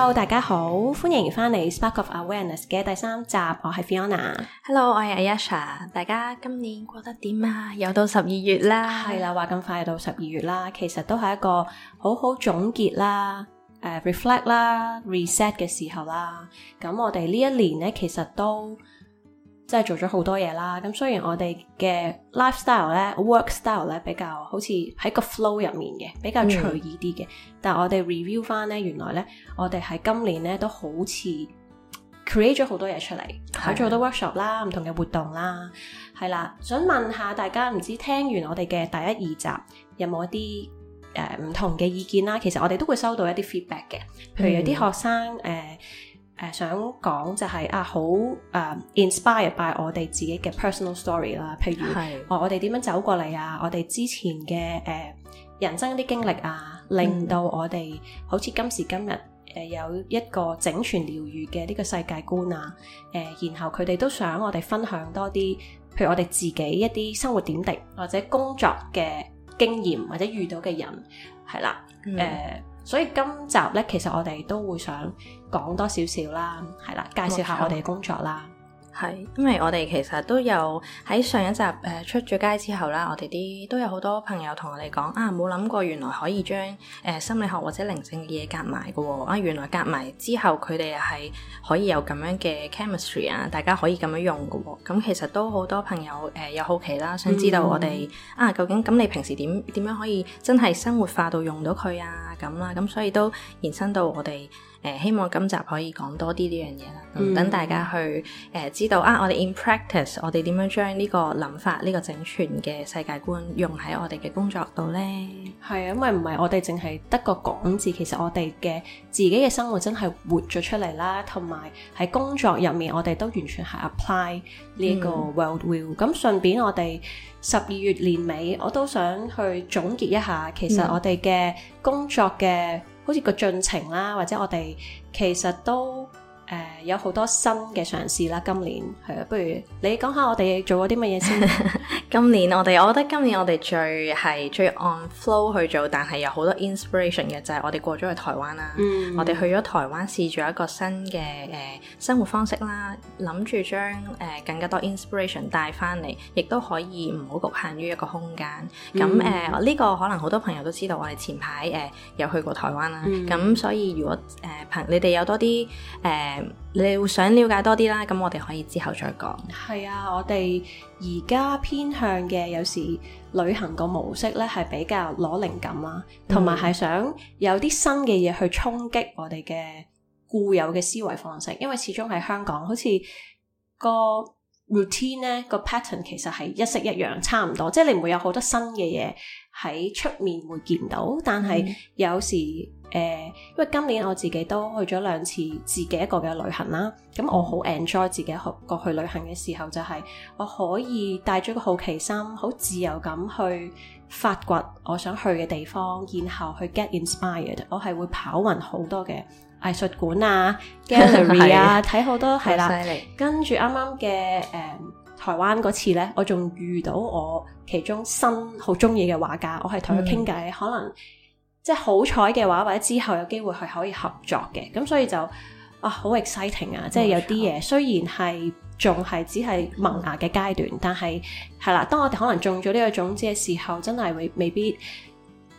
Hello，大家好，歡迎翻嚟 Spark of Awareness 嘅第三集，我係 Fiona。Hello，我係 Ayasha。大家今年過得點啊？又到十二月啦，係啦，話 咁快到十二月啦，其實都係一個好好總結啦、誒、呃、reflect 啦、reset 嘅時候啦。咁我哋呢一年咧，其實都。即係做咗好多嘢啦，咁雖然我哋嘅 lifestyle 咧，work style 咧比較好似喺個 flow 入面嘅，比較隨意啲嘅，嗯、但係我哋 review 翻咧，原來咧我哋喺今年咧都好似 create 咗好多嘢出嚟，嗎做咗好多 workshop 啦，唔同嘅活動啦，係啦，想問下大家唔知聽完我哋嘅第一二集有冇一啲誒唔同嘅意見啦？其實我哋都會收到一啲 feedback 嘅，譬如有啲學生誒。嗯呃誒、呃、想講就係、是、啊，好誒、呃、inspired by 我哋自己嘅 personal story 啦，譬如是、啊、我哋點樣走過嚟啊，我哋之前嘅誒、呃、人生啲經歷啊，嗯、令到我哋好似今時今日誒、呃、有一個整全療癒嘅呢個世界觀啊，誒、呃，然後佢哋都想我哋分享多啲，譬如我哋自己一啲生活點滴或者工作嘅經驗或者遇到嘅人，係、嗯、啦，誒、嗯。啊呃所以今集咧，其實我哋都會想講多少少啦，係啦，介紹下我哋嘅工作啦。係，因為我哋其實都有喺上一集誒、呃、出咗街之後啦，我哋啲都有好多朋友同我哋講啊，冇諗過原來可以將誒、呃、心理學或者靈性嘅嘢夾埋噶喎啊，原來夾埋之後佢哋又係可以有咁樣嘅 chemistry 啊，大家可以咁樣用噶喎、哦。咁其實都好多朋友誒、呃、有好奇啦，想知道我哋、mm hmm. 啊究竟咁你平時點點樣,樣可以真係生活化到用到佢啊咁啦，咁、啊、所以都延伸到我哋。誒，希望今集可以講多啲呢樣嘢啦，等、嗯、大家去誒、呃、知道啊，我哋 in practice，我哋點樣將呢個諗法、呢、這個整全嘅世界觀用喺我哋嘅工作度呢？係啊，因為唔係我哋淨係得個講字，其實我哋嘅自己嘅生活真係活咗出嚟啦，同埋喺工作入面，我哋都完全係 apply 呢個 world view、嗯。咁順便我哋十二月年尾，我都想去總結一下，其實我哋嘅工作嘅。嗯好似個進程啦，或者我哋其實都。誒、呃，有好多新嘅嘗試啦，今年係啊，不如你講下我哋做過啲乜嘢先？ 今年我哋，我覺得今年我哋最係最 on flow 去做，但係有好多 inspiration 嘅就係、是、我哋過咗去台灣啦。嗯、我哋去咗台灣試咗一個新嘅誒、呃、生活方式啦，諗住將誒更加多 inspiration 帶翻嚟，亦都可以唔好局限於一個空間。咁誒、嗯，呢、呃這個可能好多朋友都知道，我哋前排誒有去過台灣啦。咁、嗯、所以如果誒朋、呃、你哋有多啲誒，呃你會想了解多啲啦，咁我哋可以之後再講。係啊，我哋而家偏向嘅有時旅行個模式咧，係比較攞靈感啦、啊，同埋係想有啲新嘅嘢去衝擊我哋嘅固有嘅思維方式，因為始終喺香港，好似個 routine 咧、個 pattern 其實係一式一樣，差唔多，即、就、係、是、你唔會有好多新嘅嘢。喺出面會見到，但係有時誒、呃，因為今年我自己都去咗兩次自己一個嘅旅行啦。咁、嗯、我好 enjoy 自己去過去旅行嘅時候、就係，就係我可以帶咗個好奇心，好自由咁去發掘我想去嘅地方，然後去 get inspired。我係會跑勻好多嘅藝術館啊、 gallery 啊，睇好的多係啦。跟住啱啱嘅誒。呃台灣嗰次呢，我仲遇到我其中新好中意嘅畫家，我係同佢傾偈，嗯、可能即係好彩嘅話，或者之後有機會係可以合作嘅，咁所以就啊好 exciting 啊！Exc 啊嗯、即係有啲嘢雖然係仲係只係萌芽嘅階段，嗯、但係係啦，當我哋可能種咗呢個種子嘅時候，真係未未必。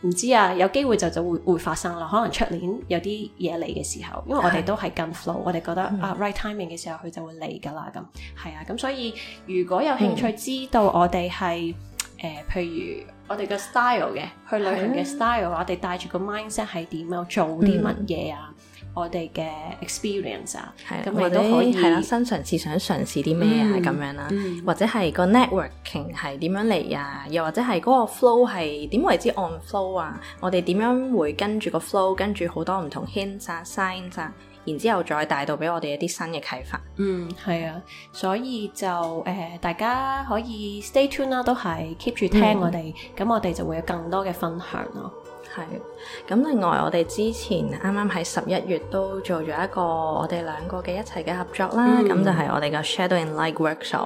唔知啊，有機會就就會，會發生咯。可能出年有啲嘢嚟嘅時候，因為我哋都係跟 flow，的我哋覺得，嗯、啊，right timing 嘅時候佢就會嚟㗎喇咁，係啊，咁所以如果有興趣知道我哋係誒，譬如我哋個 style 嘅去旅行嘅 style 的我哋帶住個 mindset 係點樣做啲乜嘢啊？嗯嗯我哋嘅 experience 啊的，係咁我哋可以，係啦，新嘗試想嘗試啲咩啊咁樣啦，嗯、或者係個 networking 係點樣嚟啊，又或者係嗰個 flow 係點為之 on flow 啊，我哋點樣會跟住個 flow，跟住好多唔同 hints 啊 signs 啊，然之後再帶到俾我哋一啲新嘅啟發。嗯，係啊，所以就誒、呃，大家可以 stay tune 啦，都係 keep 住聽我哋，咁、嗯、我哋就會有更多嘅分享咯。係，咁另外我哋之前啱啱喺十一月都做咗一個我哋兩個嘅一齊嘅合作啦，咁、嗯、就係我哋嘅 Shadow & Light Workshop。咁、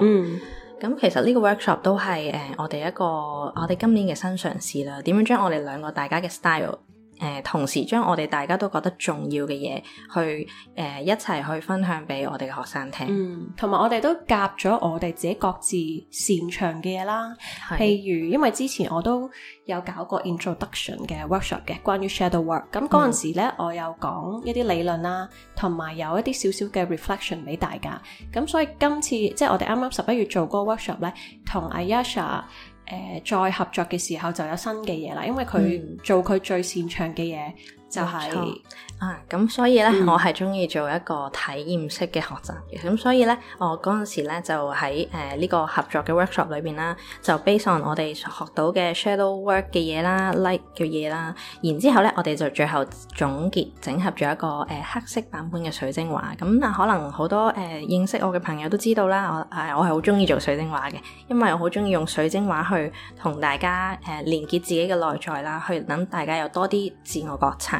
嗯、其實呢個 workshop 都係誒我哋一個我哋今年嘅新嘗試啦，點樣將我哋兩個大家嘅 style。誒同時將我哋大家都覺得重要嘅嘢，去誒、呃、一齊去分享俾我哋嘅學生聽。嗯，同埋我哋都夾咗我哋自己各自擅長嘅嘢啦。係譬如因為之前我都有搞過 introduction 嘅 workshop 嘅，關於 shadow work。咁嗰陣時咧，我有講一啲理論啦，同埋有一啲少少嘅 reflection 俾大家。咁所以今次即係我哋啱啱十一月做嗰個 workshop 咧，同 Ayasha 誒再合作嘅時候就有新嘅嘢啦，因為佢做佢最擅長嘅嘢。嗯就係、是、錯啊，咁所以咧，嗯、我係中意做一個體驗式嘅學習。咁所以咧，我陣時咧就喺誒呢個合作嘅 workshop 裏邊啦，就 base on 我哋學到嘅 shadow work 嘅嘢啦、light 嘅嘢啦，然之後咧，我哋就最後總結整合咗一個誒、呃、黑色版本嘅水晶畫，咁啊，可能好多誒、呃、認識我嘅朋友都知道啦，我啊、呃、我係好中意做水晶畫嘅，因為我好中意用水晶畫去同大家誒、呃、連結自己嘅內在啦，去等大家有多啲自我覺察。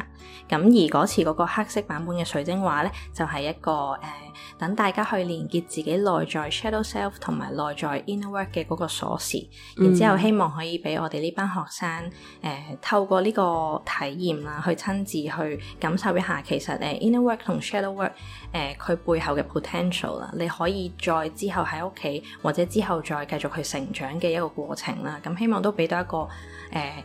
咁而嗰次嗰個黑色版本嘅水晶畫咧，就係、是、一個誒、呃，等大家去連結自己內在 shadow self 同埋內在 inner work 嘅嗰個鎖匙，嗯、然之後希望可以俾我哋呢班學生誒、呃，透過呢個體驗啦，去親自去感受一下，其實誒、呃、inner work 同 shadow work 誒、呃，佢背後嘅 potential 啦，你可以再之後喺屋企或者之後再繼續去成長嘅一個過程啦。咁、呃、希望都俾到一個誒。呃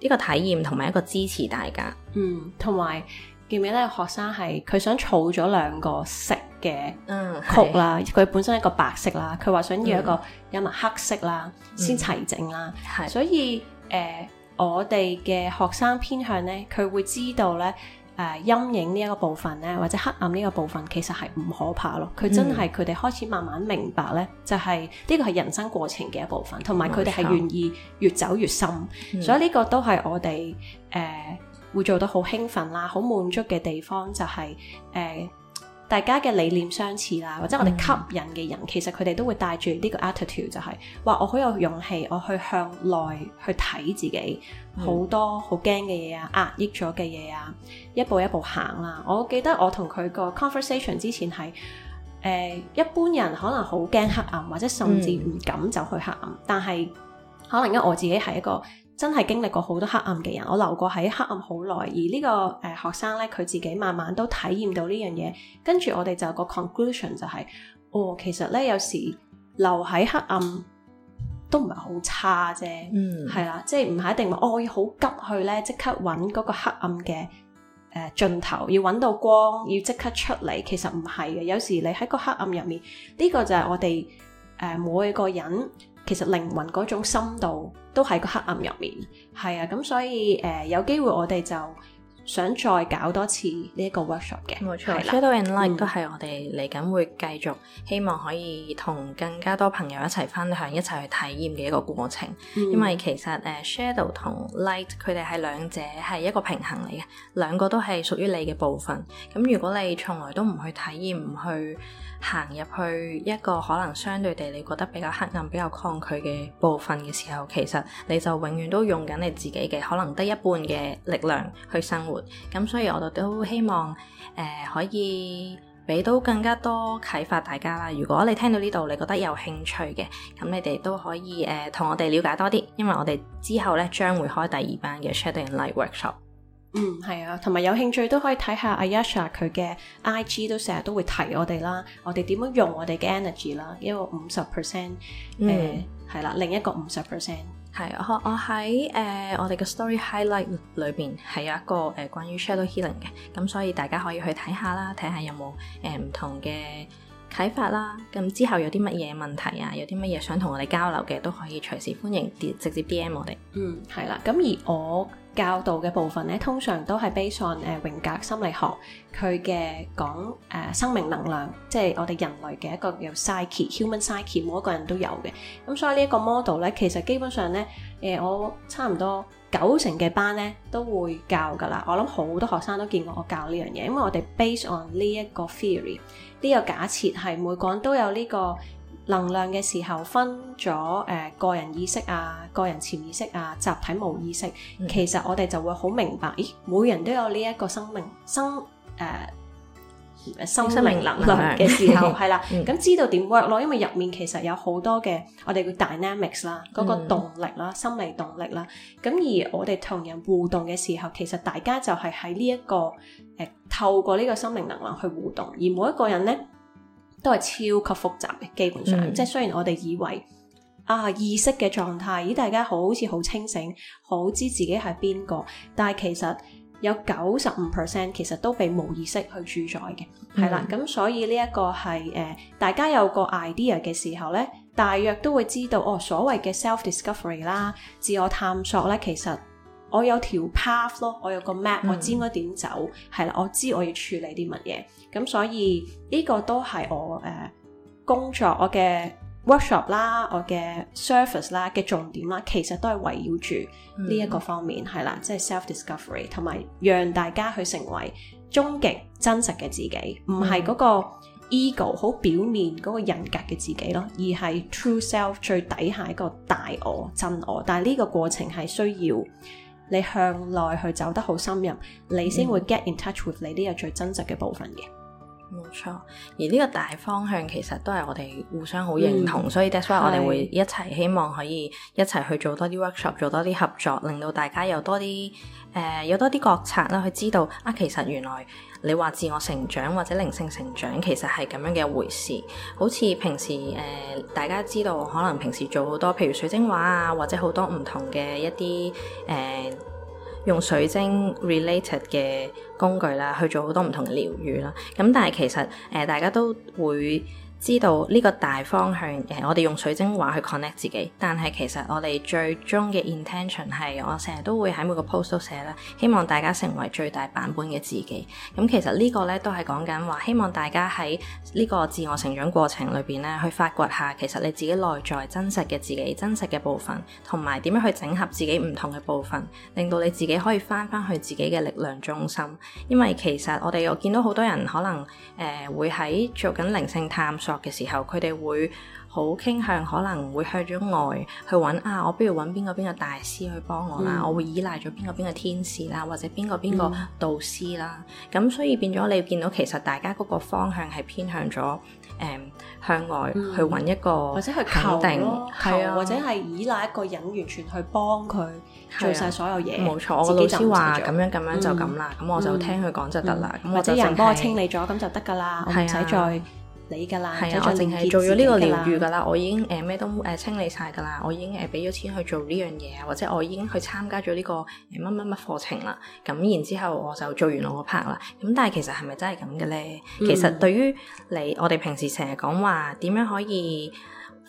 呢個體驗同埋一個支持大家，嗯，同埋見唔見咧？學生係佢想儲咗兩個色嘅曲啦，佢、嗯、本身一個白色啦，佢話想要一個有埋黑色啦，先、嗯、齊整啦。係、嗯，所以誒、呃，我哋嘅學生偏向咧，佢會知道咧。誒、呃、陰影呢一個部分咧，或者黑暗呢個部分，其實係唔可怕咯。佢真係佢哋開始慢慢明白咧，就係、是、呢、呢個係人生過程嘅一部分，同埋佢哋係願意越走越深。嗯、所以呢個都係我哋誒、呃、會做得好興奮啦、好滿足嘅地方，就係、是、誒。呃大家嘅理念相似啦，或者我哋吸引嘅人，人，嗯、其實佢哋都會帶住呢個 attitude，就係、是、話我好有勇氣，我去向內去睇自己好多好驚嘅嘢啊，壓、嗯、抑咗嘅嘢啊，一步一步行啦。我記得我同佢個 conversation 之前係誒、呃、一般人可能好驚黑暗，或者甚至唔敢走去黑暗，嗯、但係可能因為我自己係一個。真係經歷過好多黑暗嘅人，我留過喺黑暗好耐，而呢個誒學生咧，佢自己慢慢都體驗到呢樣嘢，跟住我哋就有個 conclusion 就係，哦，其實咧有時留喺黑暗都唔係好差啫，嗯，係啦，即係唔係一定話哦我要好急去咧，即刻揾嗰個黑暗嘅誒盡頭，要揾到光，要即刻出嚟，其實唔係嘅，有時你喺個黑暗入面，呢個就係我哋誒每個人。其實靈魂嗰種深度都喺個黑暗入面，係啊，咁所以誒、呃，有機會我哋就想再搞多次呢一個 workshop 嘅，冇錯。係啦。Shadow and Light、嗯、都係我哋嚟緊會繼續，希望可以同更加多朋友一齊分享，一齊去體驗嘅一個過程。嗯、因為其實誒、呃，Shadow 同 Light 佢哋係兩者係一個平衡嚟嘅，兩個都係屬於你嘅部分。咁如果你從來都唔去體驗，唔去，行入去一個可能相對地你覺得比較黑暗、比較抗拒嘅部分嘅時候，其實你就永遠都用緊你自己嘅可能得一半嘅力量去生活。咁所以我哋都希望誒、呃、可以俾到更加多啟發大家啦。如果你聽到呢度你覺得有興趣嘅，咁你哋都可以誒同、呃、我哋了解多啲，因為我哋之後咧將會開第二班嘅 Shadow & Light Workshop。嗯，係啊，同埋有興趣都可以睇下 Ayasha 佢嘅 IG，都成日都會提我哋啦。我哋點樣用我哋嘅 energy 啦？因為五十 percent，誒係啦，另一個五十 percent 係我、呃、我喺誒我哋嘅 story highlight 裏邊係有一個誒、呃、關於 shadow healing 嘅，咁所以大家可以去睇下啦，睇下有冇誒唔同嘅啟發啦。咁之後有啲乜嘢問題啊，有啲乜嘢想同我哋交流嘅都可以隨時歡迎直接 DM 我哋。嗯，係啦、啊，咁而我。教導嘅部分咧，通常都係 based on 誒榮格心理學，佢嘅講誒、呃、生命能量，即係我哋人類嘅一個叫 psyche，human psyche，每一個人都有嘅。咁所以呢一個 model 咧，其實基本上咧，誒、呃、我差唔多九成嘅班咧都會教噶啦。我諗好多學生都見過我教呢樣嘢，因為我哋 based on 呢一個 theory，呢個假設係每個人都有呢、這個。能量嘅時候分咗誒個人意識啊、個人潛意識啊、集體無意識，其實我哋就會好明白，咦？每人都有呢一個生命生誒生命能量嘅時候，係啦，咁知道點 work 咯？因為入面其實有好多嘅我哋叫 dynamics 啦，嗰個動力啦、心理動力啦，咁而我哋同人互動嘅時候，其實大家就係喺呢一個誒透過呢個生命能量去互動，而每一個人呢。都係超級複雜嘅，基本上、mm hmm. 即係雖然我哋以為啊意識嘅狀態，咦大家好似好清醒，好知自己係邊個，但係其實有九十五 percent 其實都被無意識去主宰嘅，係啦、mm，咁、hmm. 所以呢一個係誒、呃、大家有個 idea 嘅時候呢，大約都會知道哦所謂嘅 self discovery 啦，自我探索呢，其實。我有條 path 咯，我有個 map，我知應該點走，係啦、mm hmm.，我知我要處理啲乜嘢，咁所以呢個都係我誒工作我嘅 workshop 啦，我嘅 service 啦嘅重點啦，其實都係圍繞住呢一個方面係啦，即係、mm hmm. 就是、self discovery，同埋讓大家去成為終極真實嘅自己，唔係嗰個 ego 好表面嗰個人格嘅自己咯，而係 true self 最底下一個大我真我，但係呢個過程係需要。你向內去走得好深入，你先會 get in touch with 你呢個最真實嘅部分嘅。冇錯，而呢個大方向其實都係我哋互相好認同，嗯、所以 that's why 我哋會一齊希望可以一齊去做多啲 workshop，做多啲合作，令到大家有多啲誒、呃、有多啲覺察啦，去知道啊，其實原來你話自我成長或者靈性成長其實係咁樣嘅一回事。好似平時誒、呃、大家知道可能平時做好多，譬如水晶畫啊，或者好多唔同嘅一啲誒、呃用水晶 related 嘅工具啦，去做好多唔同嘅療癒啦。咁但係其實誒、呃、大家都會。知道呢個大方向，誒，我哋用水晶話去 connect 自己，但係其實我哋最終嘅 intention 係我成日都會喺每個 post 都寫啦，希望大家成為最大版本嘅自己。咁、嗯、其實個呢個咧都係講緊話希望大家喺呢個自我成長過程裏邊咧，去發掘下其實你自己內在真實嘅自己、真實嘅部分，同埋點樣去整合自己唔同嘅部分，令到你自己可以翻翻去自己嘅力量中心。因為其實我哋我見到好多人可能誒、呃、會喺做緊靈性探索。作嘅時候，佢哋會好傾向，可能會向咗外去揾啊！我不如揾邊個邊個大師去幫我啦，我會依賴咗邊個邊個天使啦，或者邊個邊個導師啦。咁所以變咗，你見到其實大家嗰個方向係偏向咗誒向外去揾一個，或者去靠定係啊，或者係依賴一個人完全去幫佢做晒所有嘢。冇錯，我老師話咁樣咁樣就咁啦，咁我就聽佢講就得啦。或者人幫我清理咗，咁就得噶啦，唔使你噶啦，係啊，我淨係做咗呢個療愈噶啦，我已經誒咩、呃、都誒清理晒噶啦，我已經誒俾咗錢去做呢樣嘢，或者我已經去參加咗呢、呢個乜乜乜課程啦。咁然之後我就做完我個 part 啦。咁但係其實係咪真係咁嘅咧？嗯、其實對於你，我哋平時成日講話點樣可以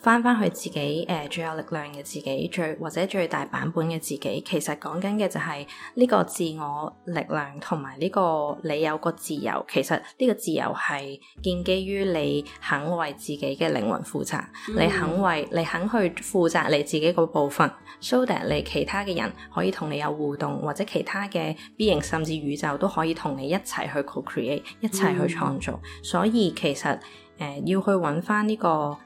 翻翻去自己，誒、呃，最有力量嘅自己，最或者最大版本嘅自己，其實講緊嘅就係、是、呢、呢個自我力量，同埋呢個你有個自由。其實呢個自由係建基於你肯為自己嘅靈魂負責，mm hmm. 你肯為你肯去負責你自己個部分，so that 你其他嘅人可以同你有互動，或者其他嘅 being，甚至宇宙都可以同你一齊去 create 一齊去創造。Mm hmm. 所以其實誒、呃、要去揾翻呢個。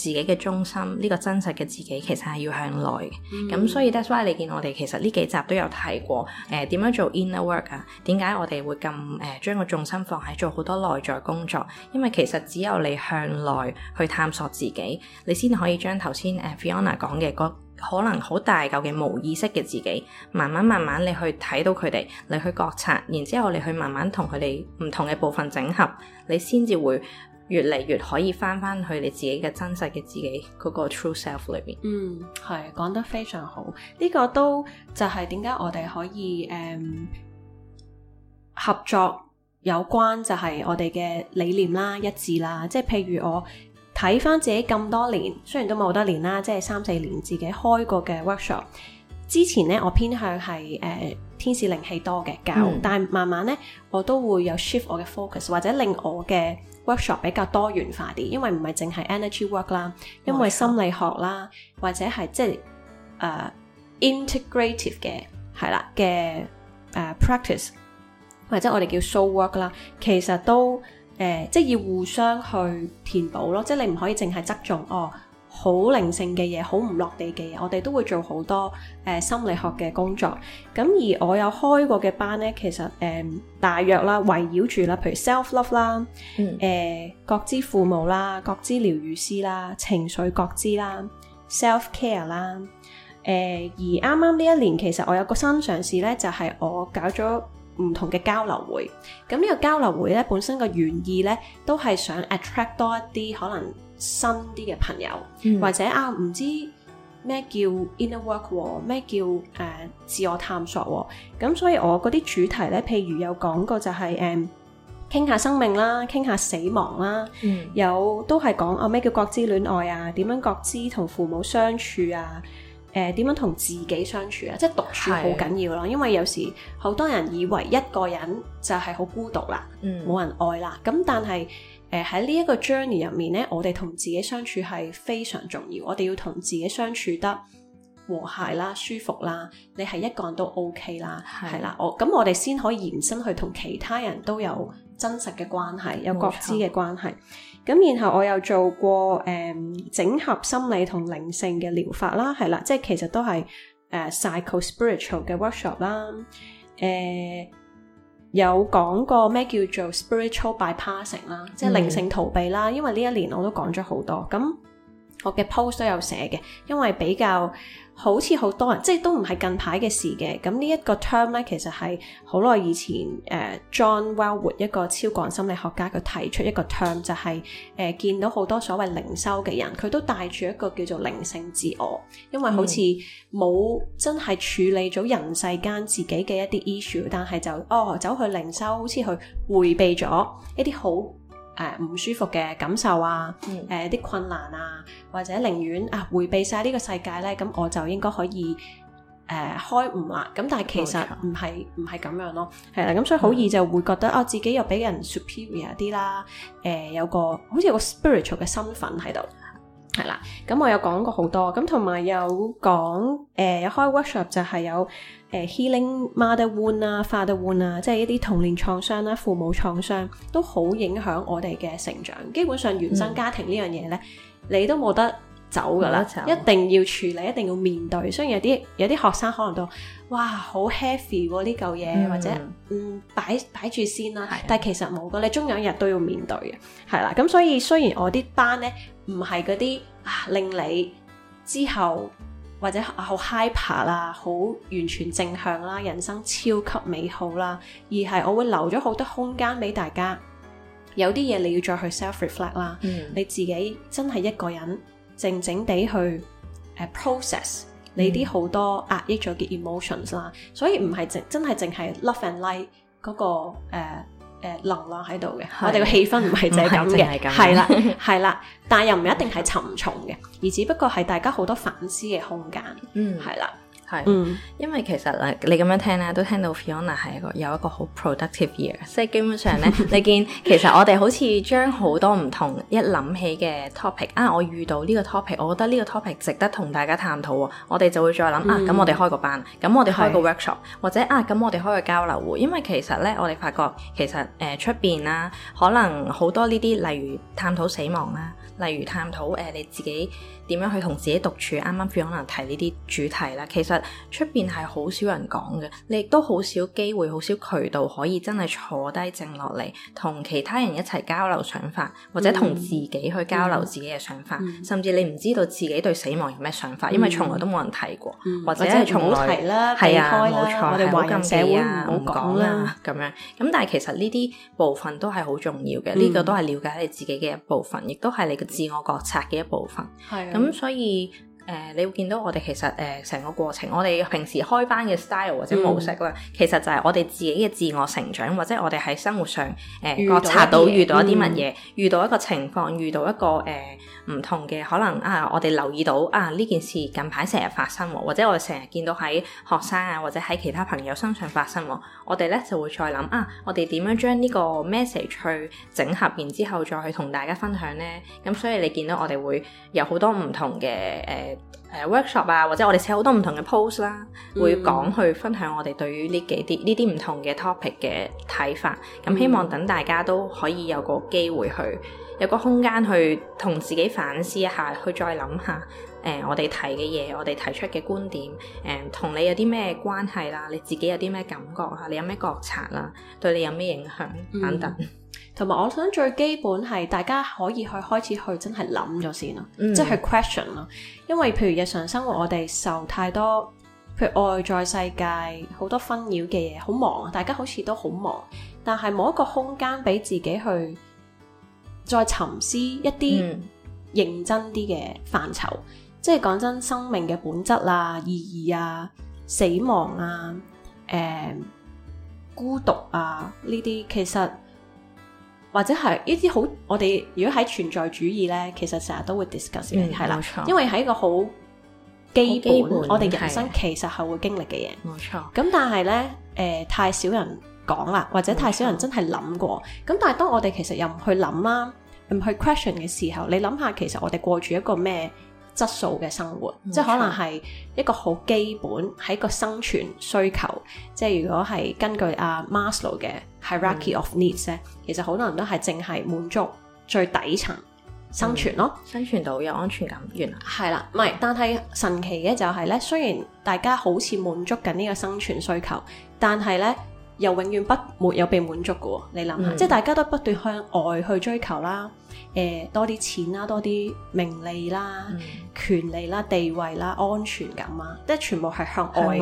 自己嘅中心，呢、這個真實嘅自己其實係要向內嘅。咁、mm hmm. 所以 that's why 你見我哋其實呢幾集都有提過，誒點樣做 inner work 啊？點解我哋會咁誒將個重心放喺做好多內在工作？因為其實只有你向內去探索自己，你先可以將頭先誒 Fiona 講嘅個可能好大嚿嘅無意識嘅自己，慢慢慢慢你去睇到佢哋，你去覺察，然之後你去慢慢同佢哋唔同嘅部分整合，你先至會。越嚟越可以翻翻去你自己嘅真實嘅自己嗰、那個 true self 裏邊。嗯，係講得非常好，呢、這個都就係點解我哋可以誒、嗯、合作有關，就係我哋嘅理念啦、一致啦。即係譬如我睇翻自己咁多年，雖然都冇多年啦，即係三四年自己開過嘅 workshop。之前咧，我偏向係誒、呃、天使靈氣多嘅教，嗯、但係慢慢咧，我都會有 shift 我嘅 focus，或者令我嘅 workshop 比較多元化啲，因為唔係淨係 energy work 啦，因為心理學啦，或者係即係、呃、誒 integrative 嘅係啦嘅誒、呃、practice，或者我哋叫 soul work 啦，其實都誒、呃、即係要互相去填補咯，即係你唔可以淨係側重哦。好靈性嘅嘢，好唔落地嘅嘢，我哋都會做好多誒、呃、心理學嘅工作。咁而我有開過嘅班呢，其實誒、呃、大約啦，圍繞住啦，譬如 self love 啦，誒覺知父母啦，各知療愈師啦，情緒覺知啦，self care 啦，誒、呃、而啱啱呢一年，其實我有個新嘗試呢，就係、是、我搞咗唔同嘅交流會。咁呢個交流會呢，本身嘅原意呢，都係想 attract 多一啲可能。新啲嘅朋友，嗯、或者啊唔知咩叫 inner work，咩叫誒、呃、自我探索，咁、呃、所以我嗰啲主題咧，譬如有講過就係、是、誒，傾、嗯、下生命啦，傾下死亡啦，嗯、有都係講啊咩叫覺知戀愛啊，點樣覺知同父母相處啊，誒、呃、點樣同自己相處啊，即係獨處好緊要咯，是因為有時好多人以為一個人就係好孤獨啦，冇、嗯、人愛啦，咁但係。誒喺呢一個 journey 入面咧，我哋同自己相處係非常重要，我哋要同自己相處得和諧啦、舒服啦，你係一個人都 OK 啦，係啦的，我咁我哋先可以延伸去同其他人都有真實嘅關係，有覺知嘅關係。咁錯然後我又做過誒、呃、整合心理同靈性嘅療法啦，係啦，即係其實都係誒、呃、psycho-spiritual 嘅 workshop 啦，誒、呃。有講過咩叫做 spiritual bypassing 啦，即係靈性逃避啦，因為呢一年我都講咗好多，咁我嘅 post 都有寫嘅，因為比較。好似好多人，即係都唔係近排嘅事嘅。咁呢一個 term 咧，其實係好耐以前，誒、uh, John Wellwood 一個超廣心理學家佢提出一個 term，就係、是、誒、uh, 見到好多所謂靈修嘅人，佢都帶住一個叫做靈性自我，因為好似冇真係處理咗人世間自己嘅一啲 issue，但係就哦走、oh, 去靈修，好似去回避咗一啲好。.誒，唔、呃、舒服嘅感受啊，誒、呃，啲困難啊，或者寧願啊回避晒呢個世界咧，咁、呃、我就應該可以誒、呃、開悟啦。咁但係其實唔係唔係咁樣咯，係、嗯、啦。咁所以好易就會覺得啊，自己又俾人 superior 啲啦，誒、呃，有個好似有個 spiritual 嘅身份喺度，係啦。咁、嗯嗯嗯、我有講過好多，咁同埋有講誒、呃，有開 workshop 就係有。誒、uh, healing mother wound 啊，father wound 啊，即、就、係、是、一啲童年創傷啦、啊、父母創傷，都好影響我哋嘅成長。基本上原生家庭呢樣嘢咧，嗯、你都冇得走噶啦，一定要處理，一定要面對。雖然有啲有啲學生可能都哇，好 heavy 呢、啊、嚿嘢，嗯、或者嗯擺擺住先啦、啊。的但係其實冇噶，你終有一日都要面對嘅，係啦。咁所以雖然我啲班咧唔係嗰啲令你之後。或者好 hyper 啦，好完全正向啦，人生超級美好啦，而係我會留咗好多空間俾大家，有啲嘢你要再去 self reflect 啦，re act, 嗯、你自己真係一個人靜靜地去 process、嗯、你啲好多壓抑咗嘅 emotions 啦、嗯，所以唔係淨真係淨係 love and light 嗰、那個、uh, 誒、呃，流浪喺度嘅，的我哋嘅氣氛唔係就係咁嘅，係啦，係啦的， 但係又唔一定係沉重嘅，而只不過係大家好多反思嘅空間，嗯，係啦。係，因為其實你你咁樣聽咧，都聽到 Fiona 係一個有一個好 productive year，即係基本上咧， 你見其實我哋好似將好多唔同一諗起嘅 topic，啊，我遇到呢個 topic，我覺得呢個 topic 值得同大家探討喎、哦，我哋就會再諗啊，咁我哋開個班，咁我哋開個 workshop，或者啊，咁我哋開個交流會，因為其實咧，我哋發覺其實誒出邊啦，可能好多呢啲例如探討死亡啦，例如探討誒、呃、你自己。點樣去同自己獨處？啱啱 Fiona 可能提呢啲主題啦，其實出邊係好少人講嘅，你亦都好少機會、好少渠道可以真係坐低靜落嚟同其他人一齊交流想法，或者同自己去交流自己嘅想法，嗯嗯、甚至你唔知道自己對死亡有咩想法，嗯、因為從來都冇人提過，嗯、或者係從來冇提啦，避開啦，錯我哋咁社會唔講啦咁樣。咁但係其實呢啲部分都係好重要嘅，呢、嗯、個都係了解你自己嘅一部分，亦都係你嘅自我覺察嘅一部分。係啊、嗯。咁、嗯、所以，誒、呃，你會見到我哋其實，誒、呃，成個過程，我哋平時開班嘅 style 或者模式啦，嗯、其實就係我哋自己嘅自我成長，或者我哋喺生活上，誒、呃，覺察到遇到一啲乜嘢，遇到、嗯、遇到一個情況，遇到一個誒、呃唔同嘅可能啊，我哋留意到啊呢件事近排成日發生，或者我哋成日見到喺學生啊，或者喺其他朋友身上發生，我哋咧就會再諗啊，我哋點樣將呢個 message 去整合，然之後再去同大家分享咧。咁所以你見到我哋會有好多唔同嘅誒誒、呃呃、workshop 啊，或者我哋寫好多唔同嘅 post 啦、啊，會講去分享我哋對於呢幾啲呢啲唔同嘅 topic 嘅睇法。咁希望等大家都可以有個機會去。有個空間去同自己反思一下，去再諗下，誒我哋提嘅嘢，我哋提，提出嘅觀點，誒、呃、同你有啲咩關係啦？你自己有啲咩感覺啊？你有咩覺察啦？對你有咩影響等等？同埋、嗯、反正 我想最基本係大家可以去開始去真係諗咗先咯，嗯、即係去 question 咯。因為譬如日常生活我哋受太多，譬如外在世界好多紛擾嘅嘢，好忙啊！大家好似都好忙，但係冇一個空間俾自己去。再沉思一啲認真啲嘅範疇，嗯、即係講真，生命嘅本質啊，意義啊、死亡啊、誒、呃、孤獨啊呢啲，其實或者係一啲好我哋如果喺存在主義咧，其實成日都會 discuss 嘅，係啦、嗯，冇錯，因為係一個好基本，基本我哋人生其實係會經歷嘅嘢。冇錯錯。咁、嗯、但係咧，誒、呃，太少人。講啦，或者太少人真係諗過。咁錯但係當我哋其實又唔去諗啦，唔去 question 嘅時候，你諗下其實我哋過住一個咩質素嘅生活？錯即係可能係一個好基本喺個生存需求。即係如果係根據阿、啊、Maslow 嘅 Hierarchy、嗯、of Needs 咧，其實好多人都係淨係滿足最底層生存咯、嗯，生存到有安全感原來。係啦，唔係，但係神奇嘅就係咧，雖然大家好似滿足緊呢個生存需求，但係咧。又永遠不沒有被滿足㗎，你諗下，嗯、即係大家都不斷向外去追求啦，呃多啲錢啦，多啲名利啦。嗯權利啦、啊、地位啦、啊、安全感啊，即係全部係向，向外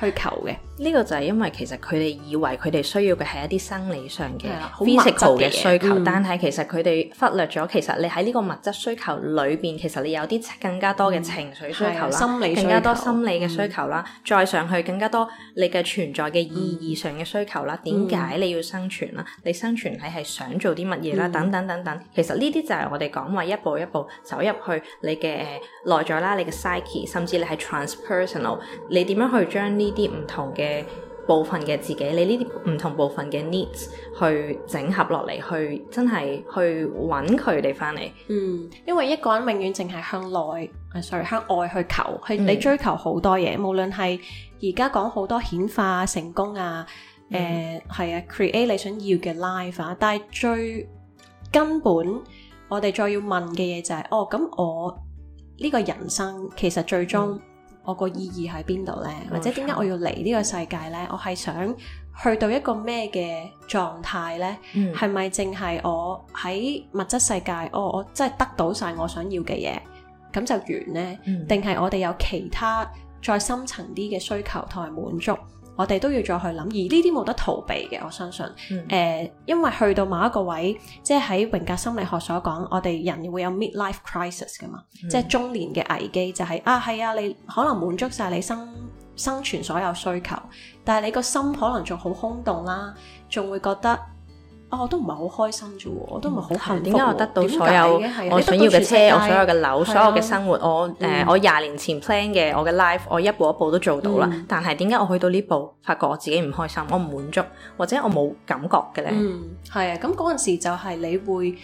去求嘅。呢個就係因為其實佢哋以為佢哋需要嘅係一啲生理上嘅 physical 嘅需求，嗯、但係其實佢哋忽略咗，其實你喺呢個物質需求裏邊，其實你有啲更加多嘅情緒需求啦，嗯、求更加多心理嘅需求啦，嗯、再上去更加多你嘅存在嘅意義上嘅需求啦。點解，嗯、你要生存啦？你生存係係想做啲乜嘢啦？嗯、等等等等。等等其實呢啲就係我哋講話一步，一步一步走入去你嘅誒。嗯嗯內在啦，你嘅 psyche，甚至你係 transpersonal，你點樣去將呢啲唔同嘅部分嘅自己，你呢啲唔同部分嘅 needs 去整合落嚟，去真係去揾佢哋翻嚟。嗯，因為一個人永遠淨係向內，sorry，向外去求去。嗯、你追求好多嘢，無論係而家講好多顯化成功啊，誒係、嗯呃、啊，create 你想要嘅 life 啊。但係最根本，我哋再要問嘅嘢就係、是，哦咁我。呢個人生其實最終、嗯、我個意義喺邊度呢？或者點解我要嚟呢個世界呢？嗯、我係想去到一個咩嘅狀態呢？係咪淨係我喺物質世界？哦，我真係得到晒我想要嘅嘢，咁就完呢？定係、嗯、我哋有其他再深層啲嘅需求同埋滿足？我哋都要再去諗，而呢啲冇得逃避嘅，我相信。誒、嗯呃，因為去到某一個位，即係喺榮格心理學所講，我哋人會有 midlife life crisis 噶嘛，嗯、即係中年嘅危機、就是，就係啊，係啊，你可能滿足晒你生生存所有需求，但係你個心可能仲好空洞啦，仲會覺得。我都唔係好開心啫，我都唔係好幸福，啊。點解、嗯、我得到所有我想要嘅車，我所有嘅樓，的所有嘅生活，嗯、我誒、uh, 我廿年前 plan 嘅，我嘅 life，我一步一步都做到啦。嗯、但係點解我去到呢步，發覺我自己唔開心，我唔滿足，或者我冇感覺嘅咧？嗯，係啊。咁嗰陣時就係你會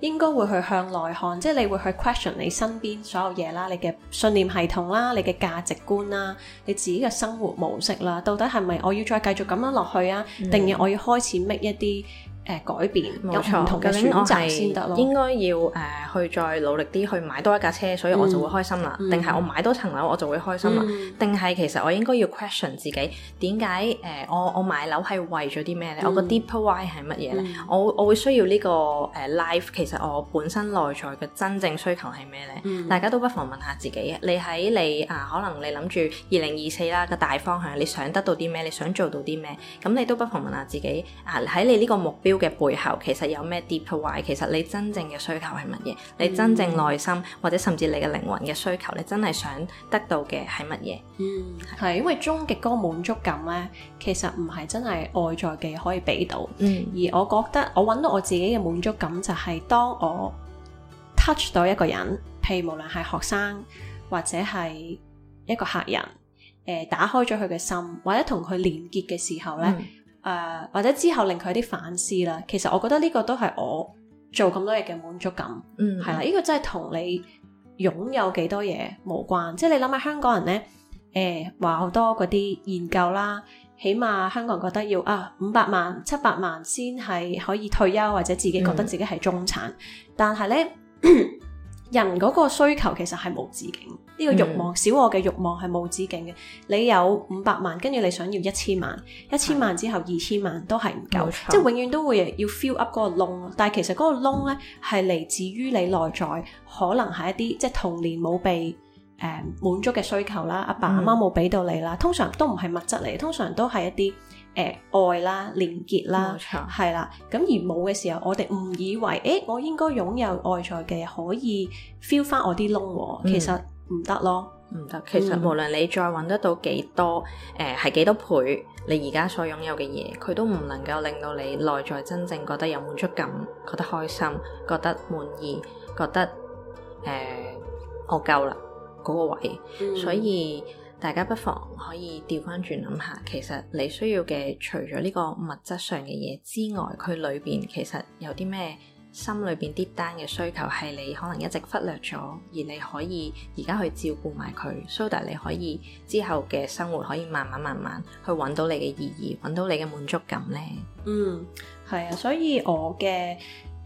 應該會去向內看，即、就、係、是、你會去 question 你身邊所有嘢啦，你嘅信念系統啦，你嘅價值觀啦，你自己嘅生活模式啦，到底係咪我要再繼續咁樣落去啊？定係、嗯、我要開始 make 一啲？誒改變有唔同嘅選擇先得咯，應該要誒去、呃、再努力啲去買多一架車，所以我就會開心啦。定係、嗯、我買多層樓，我就會開心啦。定係、嗯、其實我應該要 question 自己，點解誒我我買樓係為咗啲咩咧？我個 deep why 係乜嘢咧？我我會需要呢個誒 life，其實我本身內在嘅真正需求係咩咧？嗯、大家都不妨問下自己，你喺你啊可能你諗住二零二四啦嘅大方向，你想得到啲咩？你想做到啲咩？咁你都不妨問下自己啊喺你呢個目標嘅背後其實有咩 deep 嘅、er、why？其實你真正嘅需求係乜嘢？你真正內心、嗯、或者甚至你嘅靈魂嘅需求，你真係想得到嘅係乜嘢？嗯，係嘅，因為終極嗰個滿足感咧，其實唔係真係外在嘅可以俾到。嗯，而我覺得我揾到我自己嘅滿足感就係當我 touch 到一個人，譬如無論係學生或者係一個客人，誒、呃，打開咗佢嘅心或者同佢連結嘅時候咧。嗯誒，或者之後令佢有啲反思啦。其實我覺得呢個都係我做咁多嘢嘅滿足感。嗯，係啦，呢、呢個真係同你擁有幾多嘢無關。即係你諗下香港人呢，誒、呃，話好多嗰啲研究啦，起碼香港人覺得要啊五百萬、七百萬先係可以退休或者自己覺得自己係中產，嗯、但係是呢。 人嗰個需求其實係冇止境，呢、這個欲望、嗯、小我嘅欲望係冇止境嘅。你有五百萬，跟住你想要一千萬，一千萬之後二千萬都係唔夠，即係、嗯、永遠都會要 fill up 嗰個窿。但係其實嗰個窿呢係嚟自於你內在，可能係一啲即係童年冇被誒、呃、滿足嘅需求啦，阿爸阿媽冇俾到你啦、嗯，通常都唔係物質嚟，通常都係一啲。誒、呃，愛啦，連結啦，冇錯，係沒錯 啦，咁而冇嘅時候，我哋誤以為誒、欸，我應該擁有外在嘅可以 feel 翻我啲窿，喔，其實唔得咯，唔得。其實無論你再揾得到幾多，誒係幾多倍你，你而家所擁有嘅嘢，佢都唔能夠令到你內在真正覺得有滿足感，覺得開心，覺得滿意，覺得誒、呃、我夠啦嗰個位，嗯、所以。大家不妨可以調翻轉諗下，其實你需要嘅除咗呢個物質上嘅嘢之外，佢裏邊其實有啲咩心裏邊 deep down 嘅需求係你可能一直忽略咗，而你可以而家去照顧埋佢，so 你可以之後嘅生活可以慢慢慢慢去揾到你嘅意義，揾到你嘅滿足感呢。嗯，係啊，所以我嘅。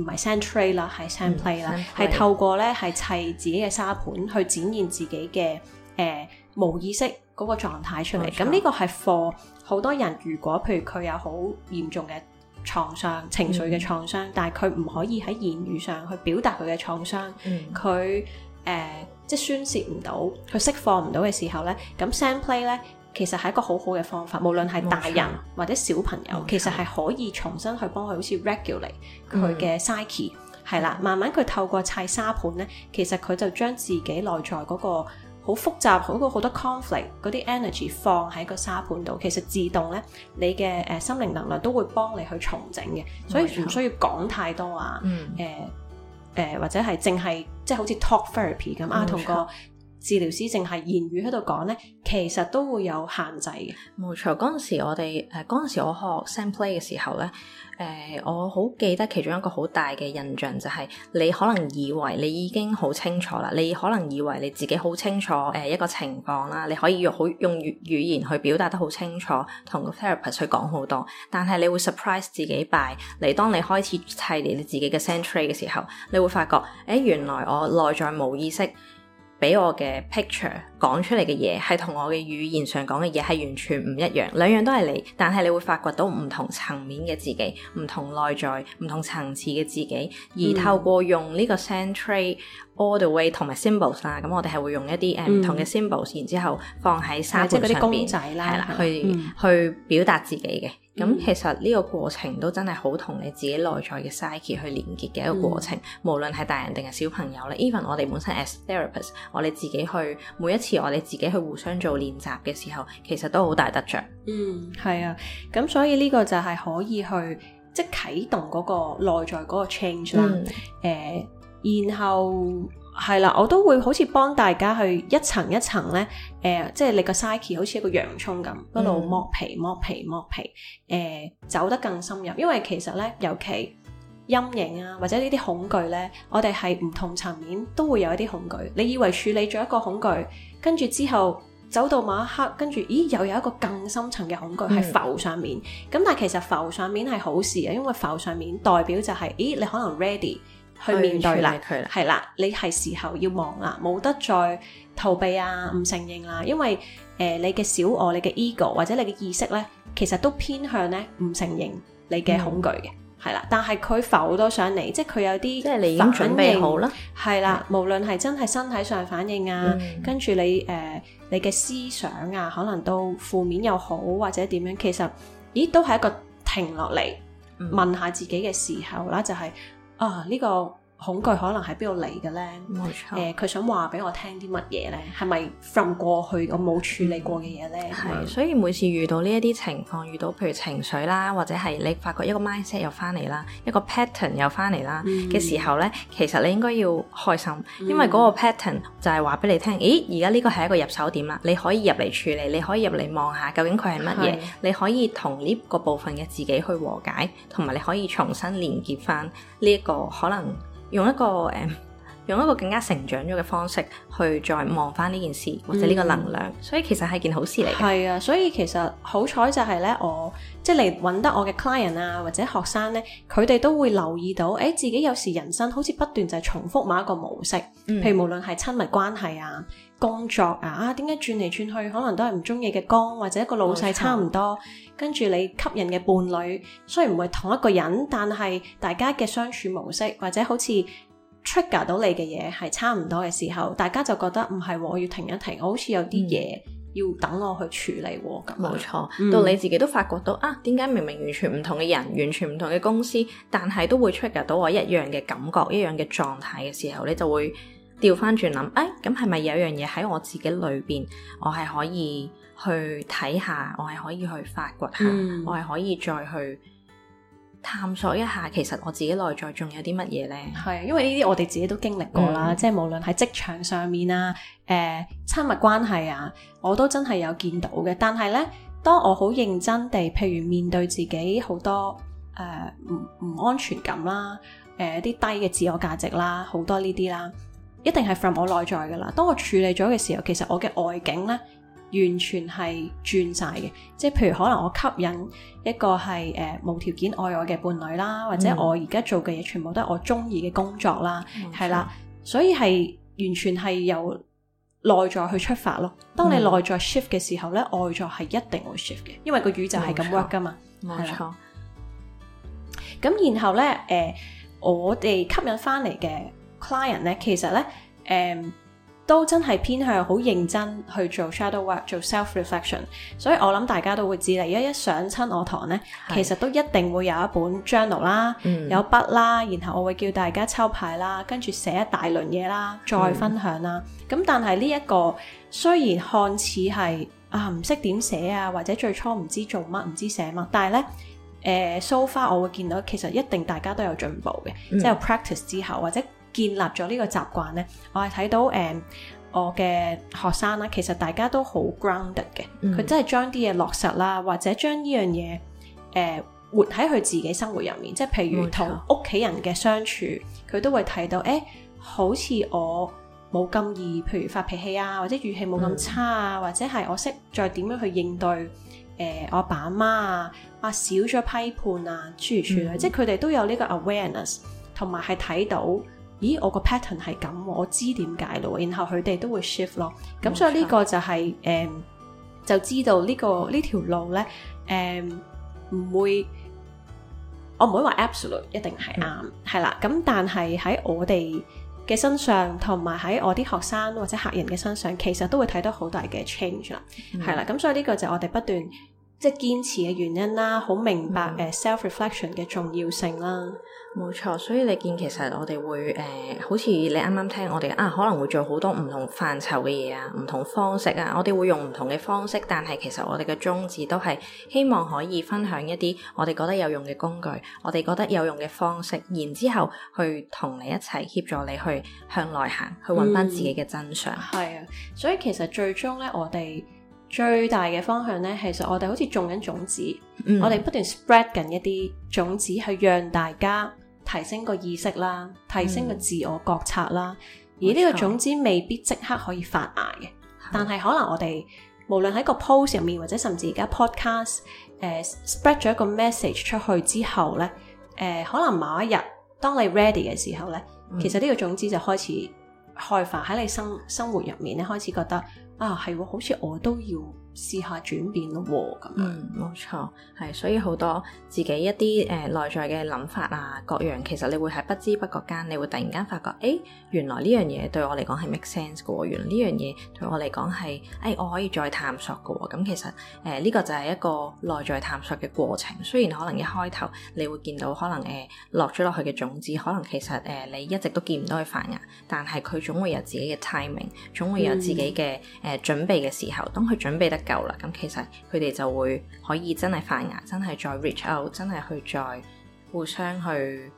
唔係 sand tray 啦，係 sand play 啦、嗯，係透過咧係砌自己嘅沙盤去展現自己嘅誒、呃、無意識嗰個狀態出嚟。咁呢錯個係 for 好多人，如果譬如佢有好嚴重嘅創傷、情緒嘅創傷，嗯、但係佢唔可以喺言語上去表達佢嘅創傷，佢誒、嗯呃、即係宣泄唔到，佢釋放唔到嘅時候咧，咁 sand play 咧。其實係一個好好嘅方法，無論係大人或者小朋友，錯其實係可以重新去幫佢好似 regulate 佢嘅、嗯、psyche 係、嗯、啦，慢慢佢透過砌沙盤咧，其實佢就將自己內在嗰個好複雜、好過好多 conflict 嗰啲 energy 放喺個沙盤度，其實自動咧你嘅誒、呃、心靈能量都會幫你去重整嘅，所以唔需要講太多啊，誒誒錯、呃呃、或者係淨係即係好似 talk therapy 咁啊錯，同個。治療師淨係言語喺度講咧，其實都會有限制嘅。冇錯，嗰陣時我哋誒嗰陣時我學 sand play 嘅時候咧，誒、呃、我好記得其中一個好大嘅印象就係、是，你可能以為你已經好清楚啦，你可能以為你自己好清楚誒、呃、一個情況啦，你可以用好用語言去表達得好清楚，同個 therapist 去講好多。但係你會 surprise 自己拜嚟當你開始砌你你自己嘅 sand play 嘅時候，你會發覺，誒、欸、原來我內在無意識。俾我嘅 picture 講出嚟嘅嘢，係同我嘅語言上講嘅嘢係完全唔一樣。兩樣都係你，但係你會發掘到唔同層面嘅自己，唔同內在、唔同層次嘅自己。而透過用呢個 sand tray all the way 同埋 symbols 啦，咁我哋係會用一啲誒唔同嘅 symbols，然之後放喺沙具上邊、啊、即係啲公仔啦，的嗯、去、嗯、去表達自己嘅。咁、嗯、其實呢個過程都真係好同你自己內在嘅 psyche 去連結嘅一個過程，嗯、無論係大人定係小朋友咧。Even 我哋本身 as therapist，我哋自己去每一次我哋自己去互相做練習嘅時候，其實都好大得着。嗯，係啊。咁所以呢個就係可以去即係、即係、啟動嗰個內在嗰個 change 啦。誒、嗯呃，然後。係啦，我都會好似幫大家去一層一層咧，誒、呃，即係你個 psyche 好似一個洋葱咁，一路剝皮剝皮剝皮，誒、呃，走得更深入。因為其實咧，尤其陰影啊，或者呢啲恐懼咧，我哋係唔同層面都會有一啲恐懼。你以為處理咗一個恐懼，跟住之後走到某一刻，跟住咦又有一個更深層嘅恐懼喺浮上面。咁、嗯、但係其實浮上面係好事啊，因為浮上面代表就係、是，咦你可能 ready。去面對啦，係啦，你係時候要忙啦，冇得再逃避啊，唔承認啦，因為誒、呃，你嘅小我、你嘅 ego 或者你嘅意識咧，其實都偏向咧唔承認你嘅恐懼嘅，係啦、嗯，但係佢浮咗上嚟，即係佢有啲即係你已經準備好啦，係啦，無論係真係身體上反應啊，嗯、跟住你誒、呃，你嘅思想啊，可能都負面又好或者點樣，其實咦，都係一個停落嚟問下自己嘅時候啦，就係、是。啊！呢個、oh。恐懼可能係邊度嚟嘅咧？冇錯。誒、呃，佢想話俾我聽啲乜嘢咧？係咪 from 過去我冇處理過嘅嘢咧？係、mm hmm.。所以每次遇到呢一啲情況，遇到譬如情緒啦，或者係你發覺一個 mindset 又翻嚟啦，一個 pattern 又翻嚟啦嘅時候咧，其實你應該要開心，因為嗰個 pattern 就係話俾你聽，mm hmm. 咦，而家呢個係一個入手點啦，你可以入嚟處理，你可以入嚟望下究竟佢係乜嘢，mm hmm. 你可以同呢個部分嘅自己去和解，同埋你可以重新連結翻呢一個可能。用一個誒，用一個更加成長咗嘅方式去再望返呢件事或者呢個能量，嗯所，所以其實係件好事嚟嘅。係、就是、啊，所以其實好彩就係咧，我即係嚟搵得我嘅 client 啊或者學生咧，佢哋都會留意到，誒、欸、自己有時人生好似不斷就係重複某一個模式，嗯、譬如無論係親密關係啊，工作啊，點解轉嚟轉去可能都係唔中意嘅工，或者一個老細差唔多，冇錯，跟住你吸引嘅伴侶雖然唔係同一個人，但係大家嘅相處模式或者好似 trigger 到你嘅嘢係差唔多嘅時候，大家就覺得唔係，我要停一停，我好似有啲嘢、嗯、要等我去處理。咁冇錯，嗯、到你自己都發覺到啊，點解明明完全唔同嘅人，完全唔同嘅公司，但係都會 trigger 到我一樣嘅感覺、一樣嘅狀態嘅時候，你就會，調翻轉諗，哎，咁係咪有樣嘢喺我自己裏邊，我係可以去睇下，我係可以去發掘下，嗯、我係可以再去探索一下，其實我自己內在仲有啲乜嘢呢？係，因為呢啲我哋自己都經歷過啦，嗯、即係無論喺職場上面啊，誒親密關係啊，我都真係有見到嘅。但係呢，當我好認真地，譬如面對自己好多誒唔唔安全感啦，誒、呃、啲低嘅自我價值啦，好多呢啲啦。一定係 from 我內在噶啦，當我處理咗嘅時候，其實我嘅外境呢，完全係轉晒嘅。即係譬如可能我吸引一個係誒、呃、無條件愛我嘅伴侶啦，或者我而家做嘅嘢全部都係我中意嘅工作啦，係錯啦，所以係完全係由內在去出發咯。當你內在 shift 嘅時候呢，錯外在係一定會 shift 嘅，因為個宇宙係咁 work 噶嘛，冇錯。咁啦錯然後呢，誒、呃，我哋吸引翻嚟嘅。Client 咧，其實咧，誒、嗯，都真係偏向好認真去做 shadow work，做 self reflection。Ref lection，所以我諗大家都會知，嚟一一上親我堂咧，是其實都一定會有一本 journal 啦、嗯，有筆啦，然後我會叫大家抽牌啦，跟住寫一大輪嘢啦，再分享啦。咁、嗯、但係呢一個雖然看似係啊唔識點寫啊，或者最初唔知做乜，唔知寫乜，但係咧，誒、呃、so far 我會見到其實一定大家都有進步嘅，嗯、即係有 practice 之後或者。建立咗呢個習慣呢我係睇到誒我嘅學生啦，其實大家都好 grounded 嘅，佢真係將啲嘢落實啦，或者將呢樣嘢誒活喺佢自己生活入面，即係譬如同屋企人嘅相處，佢都會睇到誒，好似我冇咁易，譬如發脾氣啊，或者語氣冇咁差啊，或者係我識再點樣去應對誒我爸媽啊，少咗批判啊，諸如此類，即係佢哋都有呢個 awareness，同埋係睇到。咦，我個 pattern 係咁，我知點解咯。然後佢哋都會 shift 咯。咁錯所以呢個就係、是、誒，um, 就知道、這個嗯、條呢個呢條路咧誒，唔、um, 會我唔會話 absolute 一定係啱係啦。咁、嗯、但係喺我哋嘅身上，同埋喺我啲學生或者客人嘅身上，其實都會睇到好大嘅 change 啦。係啦、嗯，咁所以呢個就我哋不斷即係堅持嘅原因啦。好明白誒 self reflection 嘅重要性啦。嗯嗯。冇錯，所以你見其實我哋會誒、呃，好似你啱啱聽我哋啊，可能會做好多唔同範疇嘅嘢啊，唔同方式啊，我哋會用唔同嘅方式，但係其實我哋嘅宗旨都係希望可以分享一啲我哋覺得有用嘅工具，我哋覺得有用嘅方式，然之後去同你一齊協助你去向內行、嗯、去揾返自己嘅真相。係啊，所以其實最終呢，我哋最大嘅方向呢，其實我哋好似種緊種、種子，嗯、我哋不斷 spread 緊一啲種子去讓大家。提升個意識啦，提升個自我覺察啦。嗯、而呢個種子未必即刻可以發芽嘅，嗯、但係可能我哋無論喺個 post 入面，或者甚至而家 podcast，誒、呃、spread 咗一個 message 出去之後咧，誒、呃、可能某一日當你 ready 嘅時候咧，其實呢個種子就開始開發喺你生、嗯、生活入面咧，開始覺得啊，係，好似我都要。試下轉變咯，咁嗯，冇錯，係所以好多自己一啲誒內在嘅諗法啊，各樣其實你會喺不知不覺間，你會突然間發覺，誒、欸，原來呢樣嘢對我嚟講係 make sense 㗎，原來呢樣嘢對我嚟講係，誒、欸，我可以再探索㗎，咁、嗯、其實誒呢、呃這個就係一個內在探索嘅過程。雖然可能一開頭你會見到可能誒、呃、落咗落去嘅種子，可能其實誒、呃、你一直都見唔到佢發芽，但係佢總會有自己嘅 timing，總會有自己嘅誒、嗯、準備嘅時候。當佢準備得，夠啦，咁其實佢哋就會可以真係發芽，真係再 reach out，真係去再互相去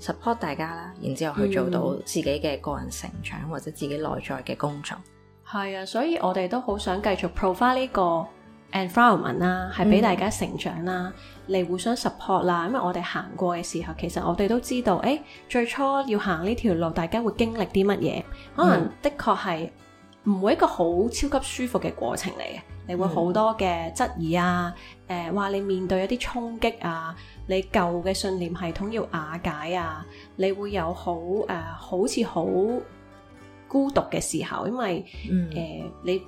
support 大家啦，然之後去做到自己嘅個人成長、嗯、或者自己內在嘅工作。係啊，所以我哋都好想繼續 pro 翻呢個 environment 啦，係俾大家成長啦，嚟、嗯、互相 support 啦。因為我哋行過嘅時候，其實我哋都知道，誒，最初要行呢條路，大家會經歷啲乜嘢？可能的確係。唔會一個好超級舒服嘅過程嚟嘅，你會好多嘅質疑啊，誒、呃、話你面對一啲衝擊啊，你舊嘅信念系統要瓦解啊，你會有、呃、好誒好似好孤獨嘅時候，因為誒、嗯呃、你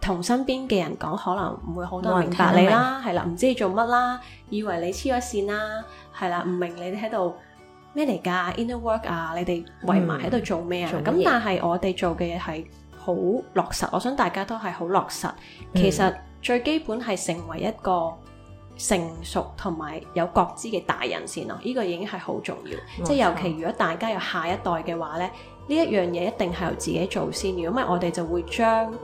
同身邊嘅人講可能唔會好多明白你啦，係啦，唔知你做乜啦，以為你黐咗線啦，啊，係啦，唔明你哋喺度咩嚟㗎？Inner work 啊，你哋圍埋喺度做咩啊？咁、嗯、但係我哋做嘅嘢係好落實，我想大家都係好落實。其實最基本係成為一個成熟同埋有覺知嘅大人先咯，呢個已經係好重要。哦、即係尤其如果大家有下一代嘅話咧，呢一樣嘢一定係由自己做先。如果唔係，我哋就會將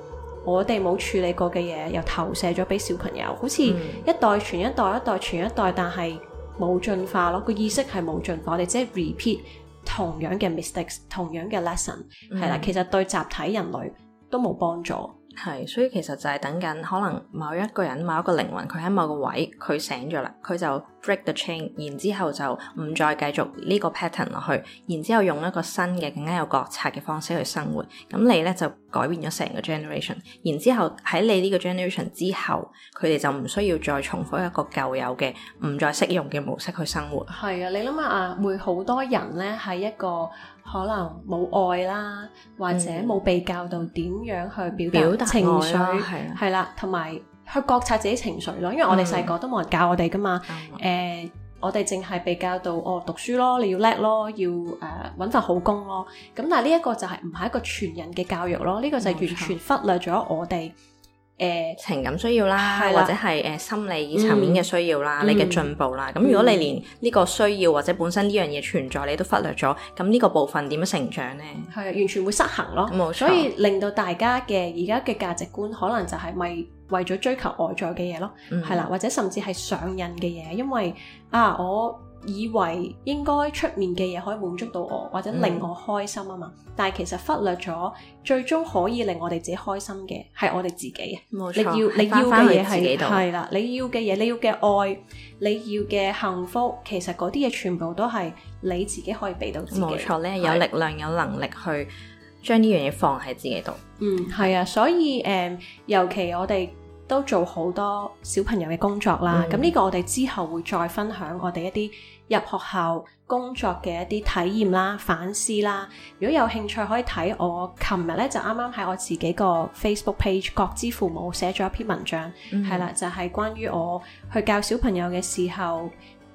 我哋冇處理過嘅嘢，又投射咗俾小朋友。好似一代傳一代，一代傳一代，但係冇進化咯。個意識係冇進化，我哋即係 repeat。同樣嘅 mistakes，同樣嘅 lesson，係啦、嗯，其實對集體人類都冇幫助，係，所以其實就係等緊，可能某一個人、某一個靈魂，佢喺某個位，佢醒咗啦，佢就 break the chain，然之後就唔再繼續呢個 pattern 落去，然之後用一個新嘅更加有覺察嘅方式去生活。咁你咧就改變咗成個 generation，然之後喺你呢個 generation 之後，佢哋就唔需要再重複一個舊有嘅、唔再適用嘅模式去生活。係啊，你諗下啊，會好多人咧喺一個可能冇愛啦，或者冇被教到點樣去表達情緒，係啊，係啦，同埋。去覺察自己情緒咯，因為我哋細個都冇人教我哋噶嘛。誒、嗯呃，我哋淨係被教到，哦，讀書咯，你要叻咯，要誒搵、呃、份好工咯。咁但係呢一個就係唔係一個全人嘅教育咯，呢、呢個就完全忽略咗我哋。誒，呃、情感需要啦，啦或者係誒、呃、心理層面嘅需要啦，嗯、你嘅進步啦。咁、嗯、如果你連呢個需要或者本身呢樣嘢存在，你都忽略咗，咁呢個部分點樣成長呢？係完全會失衡咯。冇錯，所以令到大家嘅而家嘅價值觀，可能就係咪為咗追求外在嘅嘢咯？係啦、嗯，或者甚至係上癮嘅嘢，因為啊我。以為應該出面嘅嘢可以滿足到我，或者令我開心啊嘛，嗯、但係其實忽略咗最終可以令我哋自己開心嘅係我哋自己。冇錯你，你要嘅嘢係，係啦，你要嘅嘢，你要嘅愛，你要嘅幸福，其實嗰啲嘢全部都係你自己可以俾到自己。冇錯咧，有力量的有能力去將呢樣嘢放喺自己度。嗯，係啊，所以誒、呃，尤其我哋。都做好多小朋友嘅工作啦，咁呢、嗯、個我哋之後會再分享我哋一啲入學校工作嘅一啲體驗啦、嗯、反思啦。如果有興趣可以睇我，琴日咧就啱啱喺我自己個 Facebook page《各之父母》寫咗一篇文章，係、嗯、啦，就係、是、關於我去教小朋友嘅時候，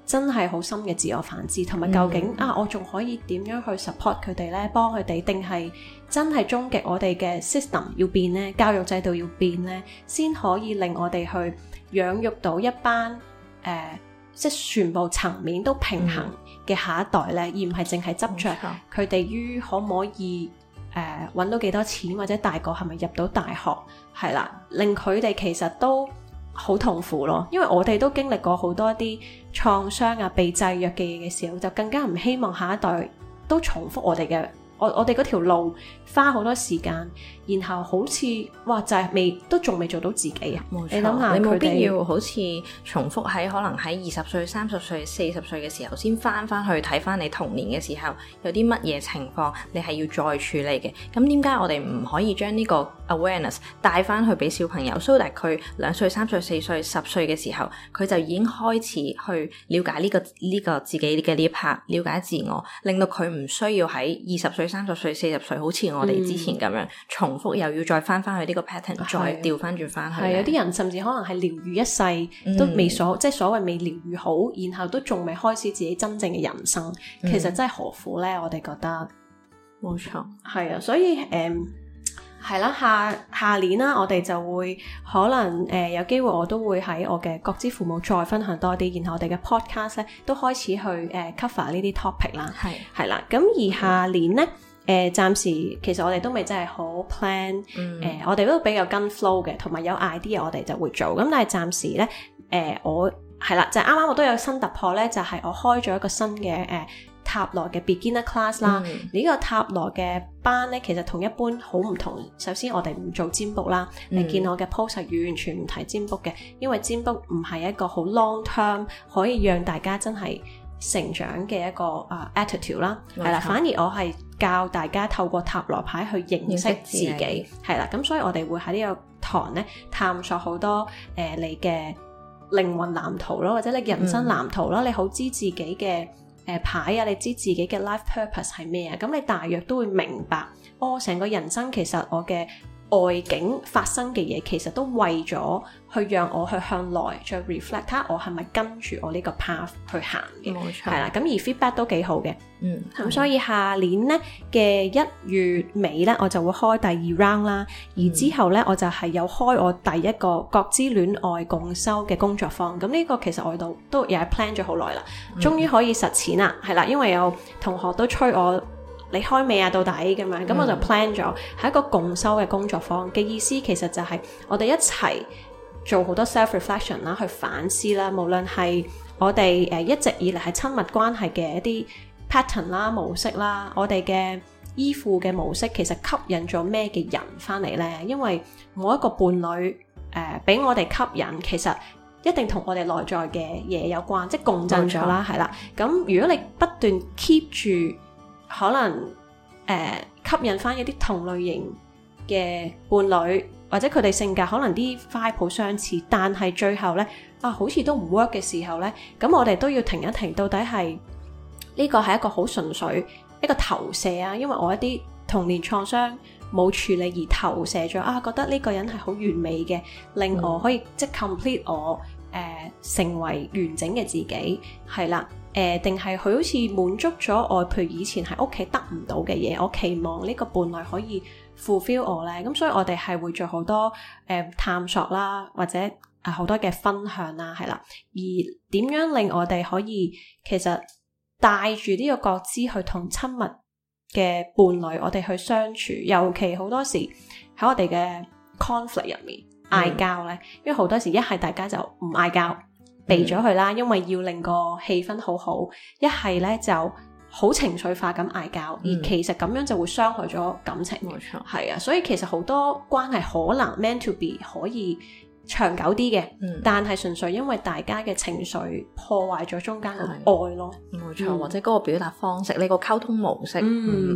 真係好深嘅自我反思，同埋究竟、嗯嗯嗯、啊，我仲可以點樣去 support 佢哋呢？幫佢哋定係？真係終極，我哋嘅 system 要變咧，教育制度要變咧，先可以令我哋去養育到一班誒、呃，即係全部層面都平衡嘅下一代咧，而唔係淨係執着，佢哋於可唔可以誒揾、呃、到幾多錢，或者大個係咪入到大學，係啦，令佢哋其實都好痛苦咯。因為我哋都經歷過好多啲創傷啊、被制約嘅嘢嘅時候，就更加唔希望下一代都重複我哋嘅。我我哋嗰條路。花好多時間，然後好似哇，就係未都仲未做到自己啊！冇錯，你諗下，你冇必要好似重複喺可能喺二十歲、三十歲、四十歲嘅時候先翻翻去睇翻你童年嘅時候有啲乜嘢情況，你係要再處理嘅。咁點解我哋唔可以將呢個 awareness 帶翻去俾小朋友，so that 佢兩歲、三歲、四歲、十歲嘅時候，佢就已經開始去了解呢個呢個自己嘅呢一 part，了解自我，令到佢唔需要喺二十歲、三十歲、四十歲，好似我我哋之前咁樣重複，又要再翻翻去呢個 pattern，再調翻轉翻去。係有啲人甚至可能係療愈一世、嗯、都未所，即係所謂未療愈好，然後都仲未開始自己真正嘅人生。其實真係何苦咧？我哋覺得冇錯，係啊。所以誒，係、嗯、啦，下下年啦，我哋就會可能誒、呃、有機會，我都會喺我嘅各自父母再分享多啲。然後我哋嘅 podcast 都開始去誒、呃、cover 呢啲 topic 啦。係係啦。咁而下年咧。誒、呃、暫時其實我哋都未真係好 plan，誒、嗯呃、我哋都比較跟 flow 嘅，同埋有 idea 我哋就會做。咁但係暫時呢，誒、呃、我係啦，就、是、啱啱我都有新突破呢，就係、是、我開咗一個新嘅誒、呃、塔羅嘅 beginner class 啦。嗯、呢個塔羅嘅班呢，其實同一般好唔同。首先我哋唔做占卜啦，嗯呃、你見我嘅 post 係完全唔提占卜嘅，因為占卜唔係一個好 long term 可以讓大家真係成長嘅一個啊、uh, attitude 啦，冇錯，係啦，反而我係教大家透過塔羅牌去認識自己，係啦，咁所以我哋會喺呢個堂咧探索好多誒、呃、你嘅靈魂藍圖咯，或者你人生藍圖咯，嗯、你好知自己嘅誒、呃、牌啊，你知自己嘅 life purpose 係咩啊，咁你大約都會明白，我、哦、成個人生其實我嘅。外景發生嘅嘢，其實都為咗去讓我去向內再 reflect，睇下我係咪跟住我呢個 path 去行嘅，係啦冇錯。咁而 feedback 都幾好嘅，嗯。咁所以下年呢嘅一月尾呢，我就會開第二 round 啦。而之後呢，我就係有開我第一個各自戀愛共修嘅工作坊。咁呢個其實我度都都也 plan 咗好耐啦，終於可以實踐啦，係啦、嗯。因為有同學都催我。你開未啊？到底咁樣，咁、mm hmm. 我就 plan 咗，係一個共修嘅工作坊嘅意思，其實就係我哋一齊做好多 self reflection 啦，ref lection, 去反思啦。無論係我哋誒一直以嚟係親密關係嘅一啲 pattern 啦、模式啦，我哋嘅依附嘅模式，模式其實吸引咗咩嘅人翻嚟呢？因為每一個伴侶誒俾、呃、我哋吸引，其實一定同我哋內在嘅嘢有關，即係共振咗啦。係啦鎮，咁如果你不斷 keep 住。可能誒、呃、吸引翻一啲同類型嘅伴侶，或者佢哋性格可能啲 feel 好相似，但係最後咧啊，好似都唔 work 嘅時候咧，咁我哋都要停一停，到底係呢個係一個好純粹一個投射啊，因為我一啲童年創傷冇處理而投射咗啊，覺得呢個人係好完美嘅，令我可以、嗯、即係 complete 我誒、呃、成為完整嘅自己，係啦。誒，定係佢好似滿足咗我，譬如以前喺屋企得唔到嘅嘢，我期望呢個伴侶可以 fulfill 我呢。咁、嗯、所以我哋係會做好多誒、呃、探索啦，或者好、呃、多嘅分享啦，係啦，而點樣令我哋可以其實帶住呢個覺知去同親密嘅伴侶我哋去相處，尤其好多時喺我哋嘅 conflict 入面嗌交、mm hmm. 呢？因為好多時一係大家就唔嗌交。避咗佢啦，因為要令個氣氛好好。一係咧就好情緒化咁嗌交，嗯、而其實咁樣就會傷害咗感情。冇錯，係啊，所以其實好多關係可能 man to be 可以。長久啲嘅，嗯、但係純粹因為大家嘅情緒破壞咗中間嘅愛咯，唔會錯，嗯、或者嗰個表達方式，你個溝通模式，嗯，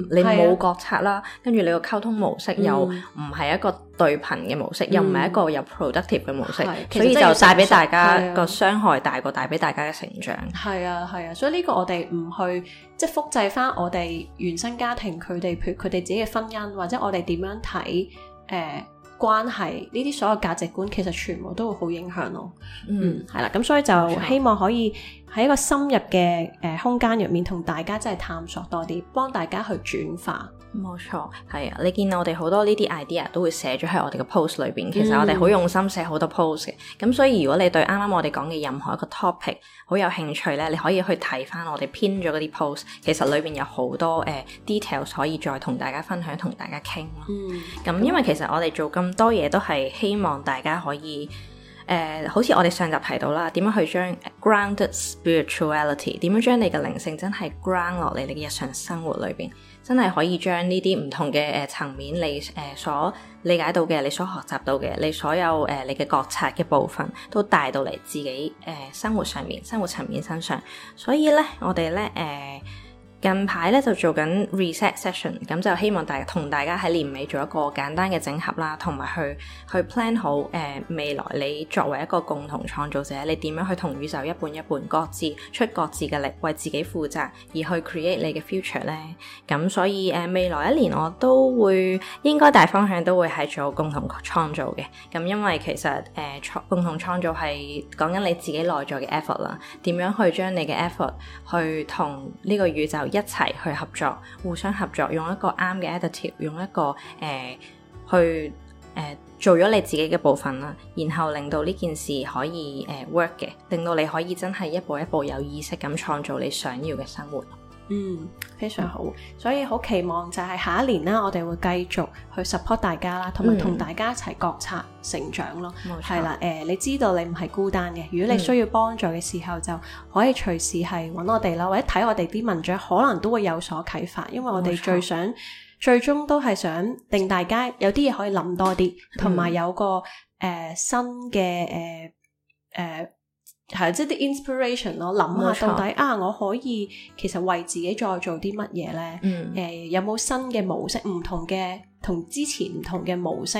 嗯，你冇覺察啦，跟住、嗯、你個溝通模式又唔係一個對頻嘅模式，嗯、又唔係一個有 productive 嘅模式，嗯、其實所以就帶俾大家個傷害大過帶俾大家嘅成長。係啊，係啊，啊，所以呢個我哋唔去即係、就是、複製翻我哋原生家庭佢哋，譬如佢哋自己嘅婚姻，或者我哋點樣睇誒。呃關係呢啲所有價值觀，其實全部都會好影響咯。嗯，係啦、嗯，咁所以就希望可以喺一個深入嘅空間入面，同大家真係探索多啲，幫大家去轉化。冇錯，係啊！你見到我哋好多呢啲 idea 都會寫咗喺我哋嘅 post 裏邊，其實我哋好用心寫好多 post 嘅。咁、嗯、所以如果你對啱啱我哋講嘅任何一個 topic 好有興趣咧，你可以去睇翻我哋編咗嗰啲 post，其實裏邊有好多誒、呃、details 可以再同大家分享，同大家傾咯。咁、嗯、因為其實我哋做咁多嘢都係希望大家可以誒、呃，好似我哋上集提到啦，點樣去將 grounded spirituality，點樣將你嘅靈性真係 ground 落嚟你嘅日常生活裏邊。真係可以將呢啲唔同嘅誒層面，你、呃、誒所理解到嘅，你所學習到嘅，你所有誒、呃、你嘅覺察嘅部分，都帶到嚟自己誒、呃、生活上面、生活層面身上。所以咧，我哋咧誒。呃近排咧就做緊 reset session，咁就希望大家同大家喺年尾做一個簡單嘅整合啦，同埋去去 plan 好誒、呃、未來你作為一個共同創造者，你點樣去同宇宙一半一半各自出各自嘅力，為自己負責，而去 create 你嘅 future 咧。咁所以誒、呃、未來一年我都會應該大方向都會係做共同創造嘅。咁因為其實誒創、呃、共同創造係講緊你自己內在嘅 effort 啦，點樣去將你嘅 effort 去同呢個宇宙。一齊去合作，互相合作，用一個啱嘅 attitude，用一個誒、呃、去誒、呃、做咗你自己嘅部分啦，然後令到呢件事可以誒、呃、work 嘅，令到你可以真係一步一步有意識咁創造你想要嘅生活。嗯，非常好，嗯、所以好期望就係下一年啦，我哋會繼續去 support 大家啦，同埋同大家一齊覺察成長咯。係啦，誒，你知道你唔係孤單嘅，如果你需要幫助嘅時候，嗯、就可以隨時係揾我哋啦，或者睇我哋啲文章，可能都會有所啟發。因為我哋最想錯最終都係想令大家有啲嘢可以諗多啲，同埋有個誒、呃、新嘅誒誒。呃呃係，即係啲 inspiration 咯，諗下到底冇錯。啊，我可以其實為自己再做啲乜嘢咧？誒、嗯呃，有冇新嘅模式，唔同嘅？同之前唔同嘅模式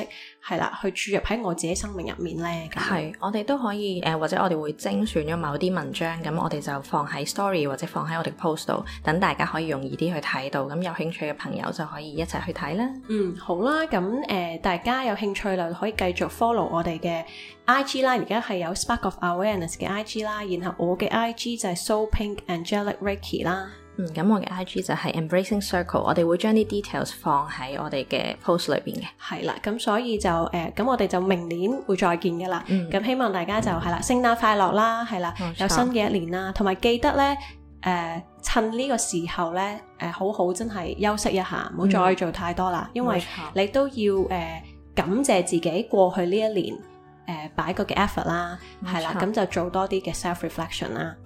係啦，去注入喺我自己生命入面呢。係，我哋都可以誒、呃，或者我哋會精選咗某啲文章，咁我哋就放喺 story 或者放喺我哋 post 度，等大家可以容易啲去睇到。咁有興趣嘅朋友就可以一齊去睇啦。嗯，好啦，咁誒、呃，大家有興趣啦，可以繼續 follow 我哋嘅 IG 啦。而家係有 Spark of Awareness 嘅 IG 啦，然後我嘅 IG 就係 Soul Pink Angelic Reiki 啦。嗯，咁我嘅 IG 就係 Embracing Circle，我哋會將啲 details 放喺我哋嘅 post 裏邊嘅。係啦，咁所以就誒、咁、呃、我哋就明年會再見噶啦。咁、嗯、希望大家就係啦，聖誕、嗯、快樂啦，係啦，冇錯，有新嘅一年啦，同埋記得咧，誒、呃，趁呢個時候咧，誒、呃，好好真係休息一下，唔好再做太多啦，嗯、因為冇錯，你都要誒、呃，感謝自己過去呢一年誒、呃，擺個嘅 effort 啦，係啦冇錯，咁就做多啲嘅 self reflection 啦。嗯